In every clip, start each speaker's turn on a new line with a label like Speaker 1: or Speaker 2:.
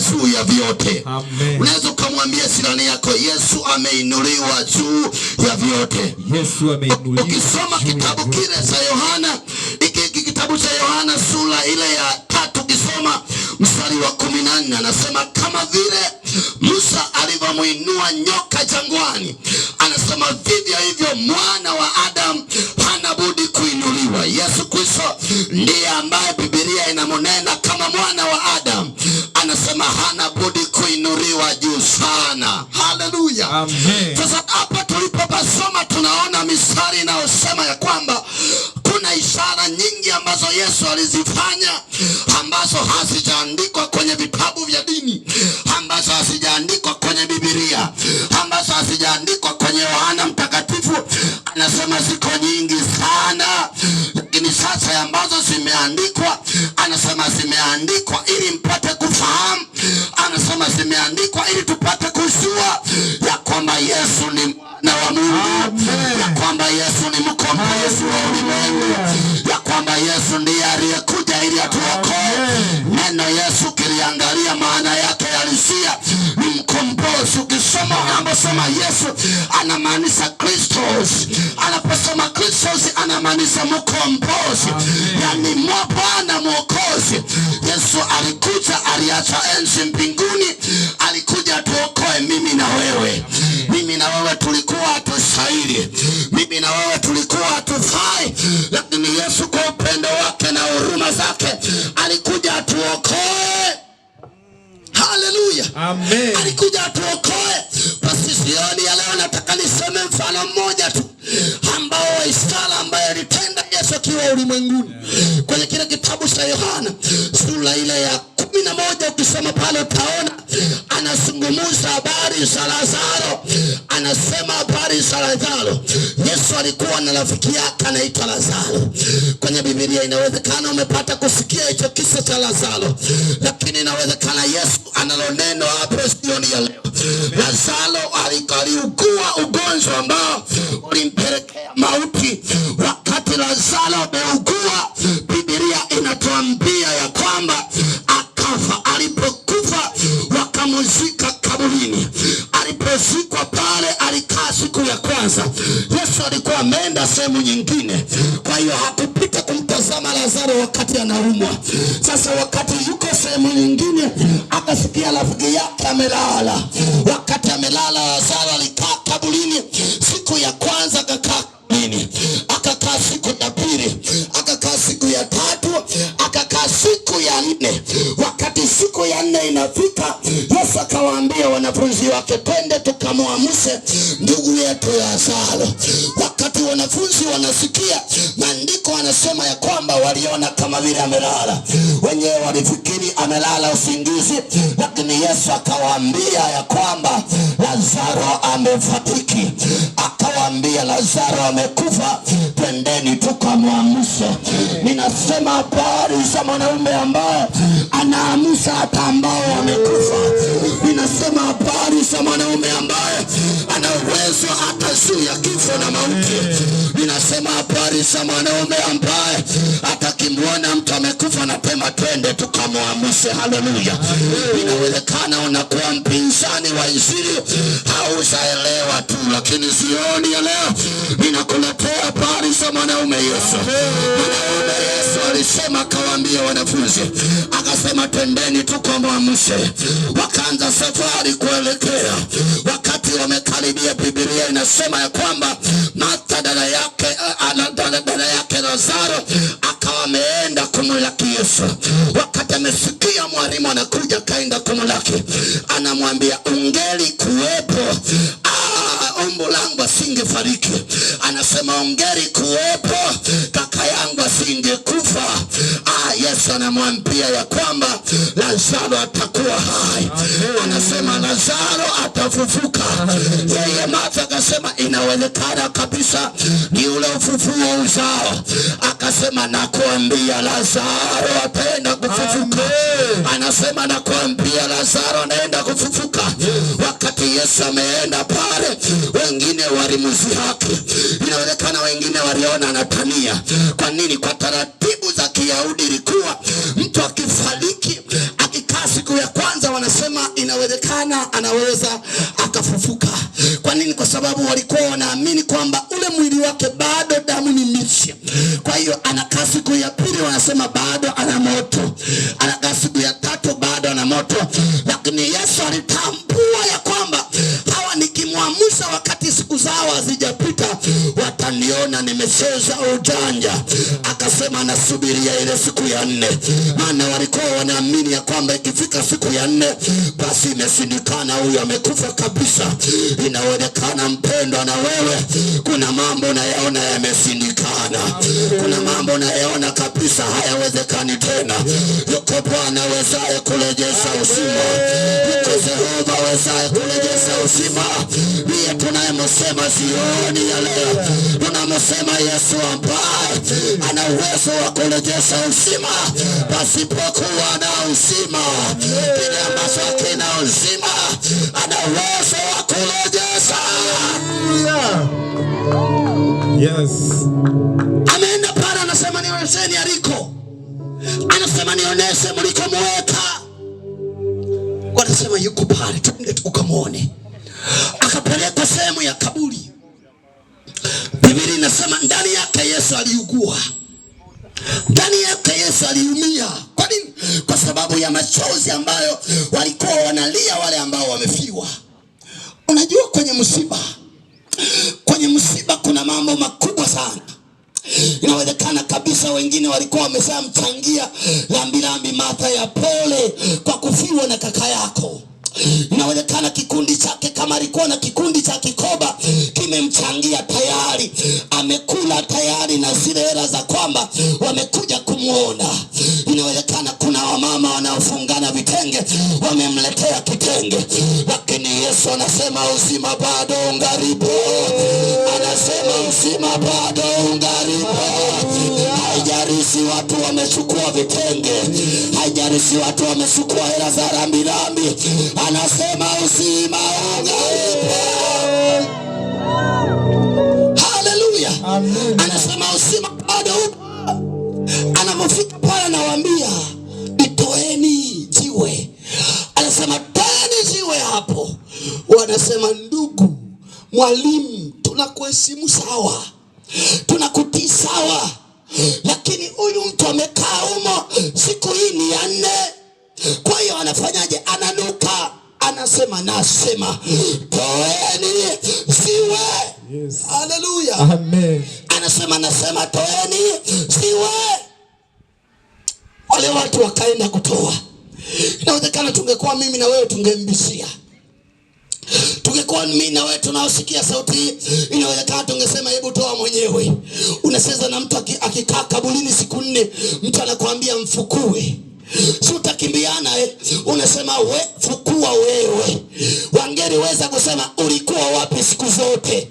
Speaker 1: juu ya vyote. Unaweza ukamwambia sirani yako, Yesu ameinuliwa juu ya vyote. Ukisoma kitabu kile cha Yohana, iki kitabu cha Yohana sura ile ya tatu, ukisoma mstari wa kumi na nne anasema kama vile Musa alivyomwinua nyoka jangwani, anasema vivyo hivyo mwana wa Adamu hana budi kuinuliwa. Yesu Kristo ndiye ambaye Biblia inamunena kama mwana wa Adamu anasema hana budi kuinuliwa juu sana. Haleluya! Sasa hapa tulipopasoma tunaona mistari inayosema ya kwamba kuna ishara nyingi ambazo Yesu alizifanya ambazo hazijaandikwa kwenye vitabu vya dini, ambazo hazijaandikwa kwenye bibilia ambazo hazijaandikwa kwenye Yohana Mtakatifu. Anasema ziko nyingi sana, lakini sasa ambazo zimeandikwa zimeandikwa ili mpate kufahamu. Anasema zimeandikwa ili tupate kujua ya kwamba Yesu ni na wa Mungu, ya kwamba Yesu ni mkombozi wa ulimwengu, ya kwamba Yesu ndiye aliyekuja ili atuokoe. Anaposema Yesu anamaanisha Kristos, anaposema Kristos anamaanisha mkombozi, yani Bwana Mwokozi. Yesu alikuja, aliacha enzi mbinguni, alikuja tuokoe mimi na wewe. Mimi na wewe tulikuwa hatustahili, mimi na wewe tulikuwa hatufai, lakini Yesu kwa upendo wake na huruma zake alikuja
Speaker 2: Haleluya, amen.
Speaker 1: Alikuja atuokoe. Basi jioni ya leo nataka niseme mfano mmoja tu ambao wa ambayo alitenda Yesu akiwa ulimwenguni kwenye kile kitabu cha Yohana sura ile ya kumi na moja ukisoma pale utaona anazungumuza habari za Lazaro, anasema habari za Lazaro. Yesu alikuwa na rafiki yake anaitwa Lazaro. Kwenye Biblia inawezekana umepata kusikia hicho kisa cha Lazaro, lakini inawezekana Yesu analo neno hapo sioni ya leo. Lazaro aliugua ugonjwa ambao ulimpelekea mauti. Wakati Lazaro ameugua, Biblia inatuambia ya akamzika kaburini. Alipozikwa pale, alikaa siku ya kwanza. Yesu alikuwa ameenda sehemu nyingine, kwa hiyo hakupita kumtazama Lazaro wakati anaumwa. Sasa wakati yuko sehemu nyingine, akasikia rafiki yake amelala. Wakati amelala Lazaro yake, twende tukamwamuse ndugu yetu Lazaro. Wakati wanafunzi wanasikia maandiko, anasema ya kwamba waliona kama vile amelala, wenyewe walifikiri amelala usingizi, lakini Yesu akawaambia ya kwamba Lazaro amefariki. Akawaambia Lazaro amekufa, twendeni tukamwamuse. Ninasema habari za mwanaume ambaye anaamsha hata ambao wamekufa. Ninasema Ninamaanisha mwanaume ambaye ana uwezo hata juu ya kifo na mauti. Ninasema habari za mwanaume ambaye atakimwona mtu amekufa na pema, twende tukamwamuse. Haleluya! Inawezekana unakuwa mpinzani wa Injili, hauzaelewa tu, lakini sioni ya leo ninakuletea habari za mwanaume Yesu alisema akawaambia wanafunzi, akasema tendeni tukamwamshe. Wakaanza safari kuelekea. Wakati wamekaribia, Biblia inasema ya kwamba Martha dada yake dada yake Lazaro akawa ameenda kumlaki Yesu. Wakati amesikia mwalimu anakuja, kaenda kumlaki, anamwambia ungeli kuwepo ombo langu asingefariki. Anasema ongeri kuwepo, kaka yangu asingekufa. Ah, Yesu anamwambia ya kwamba Lazaro atakuwa hai. Anasema Lazaro atafufuka. Yeye Martha akasema inawezekana kabisa ni ule ufufuo uzao. Akasema nakuambia, Lazaro ataenda kufufuka. Anasema nakuambia, Lazaro anaenda kufufuka. Wakati Yesu ameenda pale wengine wake inawezekana wengine waliona anatania. Kwa nini? Kwa taratibu za Kiyahudi ilikuwa mtu akifariki akikaa siku ya kwanza, wanasema inawezekana anaweza akafufuka. Kwa nini? Kwa sababu walikuwa wanaamini kwamba ule mwili wake bado damu ni mbichi. kwa hiyo anakaa siku ya pili, wanasema bado ana moto, anakaa siku ya tatu, bado ana moto, lakini Yesu alitam wakati siku zao hazijapita akaniona nimecheza ujanja, akasema anasubiria ile siku ya nne, maana walikuwa wanaamini ya kwamba ikifika siku ya nne basi imeshindikana, huyu amekufa kabisa. Inawezekana mpendwa, na wewe kuna mambo nayaona yameshindikana, kuna mambo nayaona kabisa hayawezekani tena. Yuko Bwana awezaye kurejesha uzima, yuko Jehova awezaye kurejesha uzima. iye tunayemsema sioni ya leo unamsema Yesu ambaye ana uwezo wa kurejesha uzima pasipokuwa na uzima. Kile ambacho hakina uzima ana uwezo wa kurejesha. Yes. Ameenda pale anasema nionyesheni aliko, anasema nionyeshe mlikomweka. Wanasema yuko pale, tuende tukamwone. Akapelekwa sehemu ya kaburi Biblia inasema ndani yake Yesu aliugua, ndani yake Yesu aliumia. Kwa nini? Kwa sababu ya machozi ambayo walikuwa wanalia wale ambao wamefiwa. Unajua, kwenye msiba, kwenye msiba kuna mambo makubwa sana. Inawezekana kabisa wengine walikuwa mchangia lambilambi, mata ya pole kwa kufiwa na kaka yako Inawezekana kikundi chake kama alikuwa na kikundi cha kikoba kimemchangia tayari, amekula tayari na zile hela za kwamba wamekuja kumwona. Inawezekana kuna wamama wanaofungana vitenge wamemletea kitenge, lakini Yesu anasema uzima bado ungaribu, anasema uzima bado ungaribu. Haijalishi watu wamechukua vitenge, haijalishi watu wamechukua hela za rambirambi anasema uzima unaupa. Haleluya, anasema usima bado upa. Anapofika pale, anawaambia itoeni jiwe, anasema toeni jiwe hapo. Wanasema ndugu, mwalimu, tunakuheshimu sawa, tunakutii sawa, lakini huyu mtu amekaa humo siku hii ni ya nne. Kwa hiyo anafanyaje? Ananuka anasema nasema, toeni siwe Yes. Haleluya.
Speaker 2: Amen.
Speaker 1: Anasema nasema, toeni siwe Wale watu wakaenda kutoa. Inawezekana tungekuwa mimi na wewe tungembisia tungekuwa mi na wewe tunaosikia sauti, inawezekana tungesema hebu toa mwenyewe. Unacheza na mtu akikaa kabulini siku nne, mtu anakuambia mfukue si utakimbiana eh? Unasema we, fukua wewe. Wangeliweza kusema ulikuwa wapi siku zote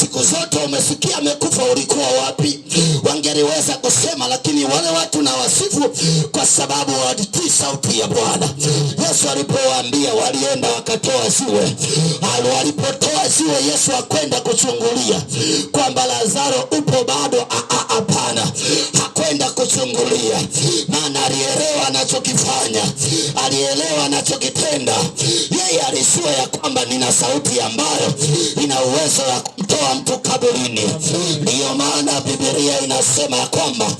Speaker 1: siku zote umesikia amekufa, ulikuwa wapi? Wangeliweza kusema, lakini wale watu na wasifu kwa sababu walitii sauti ya Bwana. Yesu alipowaambia walienda wakatoa ziwe, walipotoa ziwe, Yesu akwenda kuchungulia kwamba Lazaro upo bado? Hapana kuchungulia, maana alielewa anachokifanya, alielewa anachokitenda. Yeye alijua ya kwamba nina sauti ambayo ina uwezo wa kumtoa mtu kaburini, ndiyo Biblia inasema ya kwamba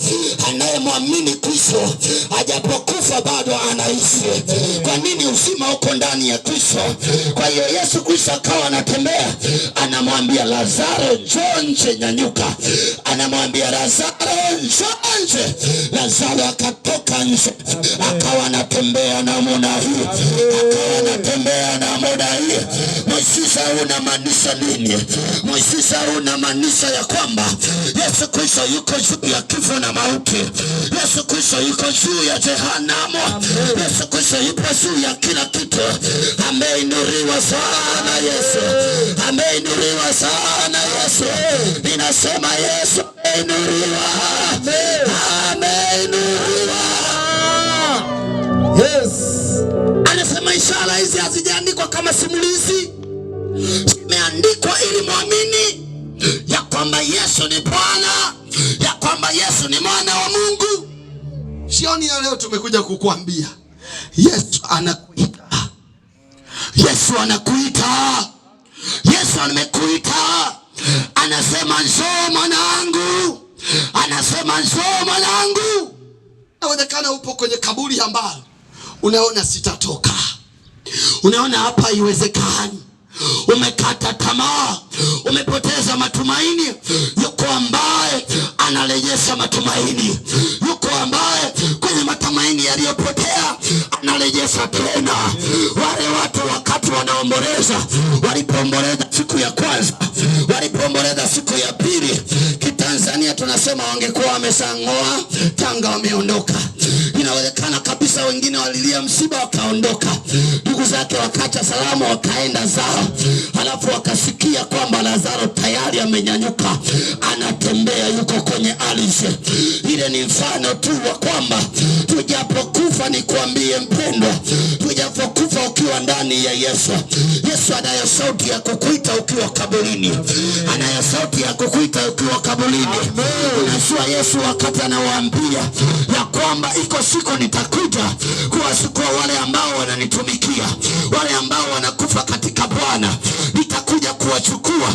Speaker 1: anayemwamini Kristo ajapokufa bado anaishi. Kwa nini? Uzima uko ndani ya Kristo. Kwa hiyo Yesu Kristo akawa anatembea, anamwambia Lazaro, njoo nje, nyanyuka. Anamwambia Lazaro, njoo nje. Lazaro akatoka nje, akawa anatembea namna hii kutembea na muda hiyo. Muujiza huu unamaanisha nini? Mwisisa unamaanisha ya kwamba Yesu Kristo yuko juu ya kifo na mauti. Yesu Kristo yuko juu ya jehanamu. Yesu Kristo yuko juu ya kila kitu. Ameinuliwa sana Yesu, ameinuliwa sana Yesu. Ninasema Yesu ameinuliwa, ameinuliwa
Speaker 2: Yes.
Speaker 1: Anasema ishara hizi hazijaandikwa kama simulizi, zimeandikwa ili mwamini ya kwamba Yesu ni Bwana, ya kwamba Yesu ni mwana wa Mungu. Jioni ya leo tumekuja kukuambia Yesu anakuita, Yesu anakuita, Yesu amekuita, anasema njoo mwanangu, anasema njoo mwanangu. Inaonekana upo kwenye kaburi ambalo unaona sitatoka, unaona hapa haiwezekani, umekata tamaa, umepoteza matumaini. Yuko ambaye anarejesha matumaini, yuko ambaye kwenye matumaini yaliyopotea anarejesha tena. Wale watu wakati wanaomboleza, walipoomboleza siku ya kwanza, walipoomboleza siku ya pili, kitanzania tunasema wangekuwa wamesangoa tanga, wameondoka inawezekana kabisa. Wengine walilia msiba wakaondoka, ndugu zake wakacha salama wakaenda zao, halafu wakasikia kwamba Lazaro tayari amenyanyuka, anatembea, yuko kwenye alize Ile ni mfano tu wa kwamba tujapokufa, ni kuambie mpendwa, tujapokufa ukiwa ndani ya Yesu, Yesu anayo sauti ya kukuita ukiwa kaburini, anayo sauti ya kukuita ukiwa kaburini. unasua Yesu wakati anawaambia ya kwamba siku nitakuja kuwachukua wale ambao wananitumikia, wale ambao wanakufa katika Bwana. Nitakuja kuwachukua.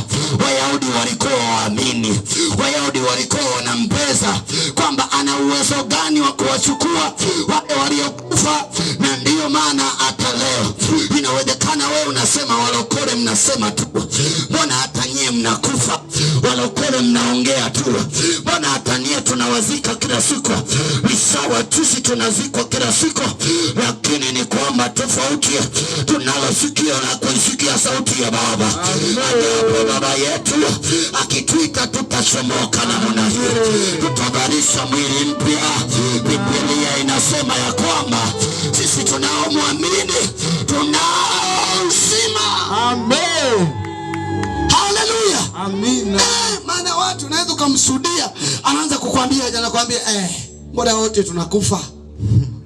Speaker 1: Wayahudi walikuwa waamini, Wayahudi walikuwa wanambeza kwamba ana uwezo gani wa kuwachukua wale waliokufa, na ndiyo maana hata leo inawezekana wewe unasema walokole mnasema tu, mbona hata nyie mnakufa? Walokole mnaongea tu, mbona hata nyie tunawazika kila siku sawa, sisi tunazikwa kila siku, lakini ni kwamba tofauti tunalosikia na kuisikia sauti ya Baba. Ajapo Baba yetu akitwita, tutasomoka namna hiyo, tutavalisha mwili mpya. Biblia inasema ya kwamba sisi tunaomwamini tunao uzima.
Speaker 2: Amen.
Speaker 1: Haleluya. Amina. Eh, maana watu unaweza ukamsudia, anaanza kukwambia, anakwambia eh bora wote tunakufa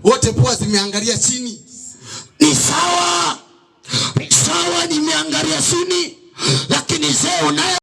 Speaker 1: wote, pua zimeangalia chini. Ni sawa sawa, nimeangalia chini, lakini zee unaye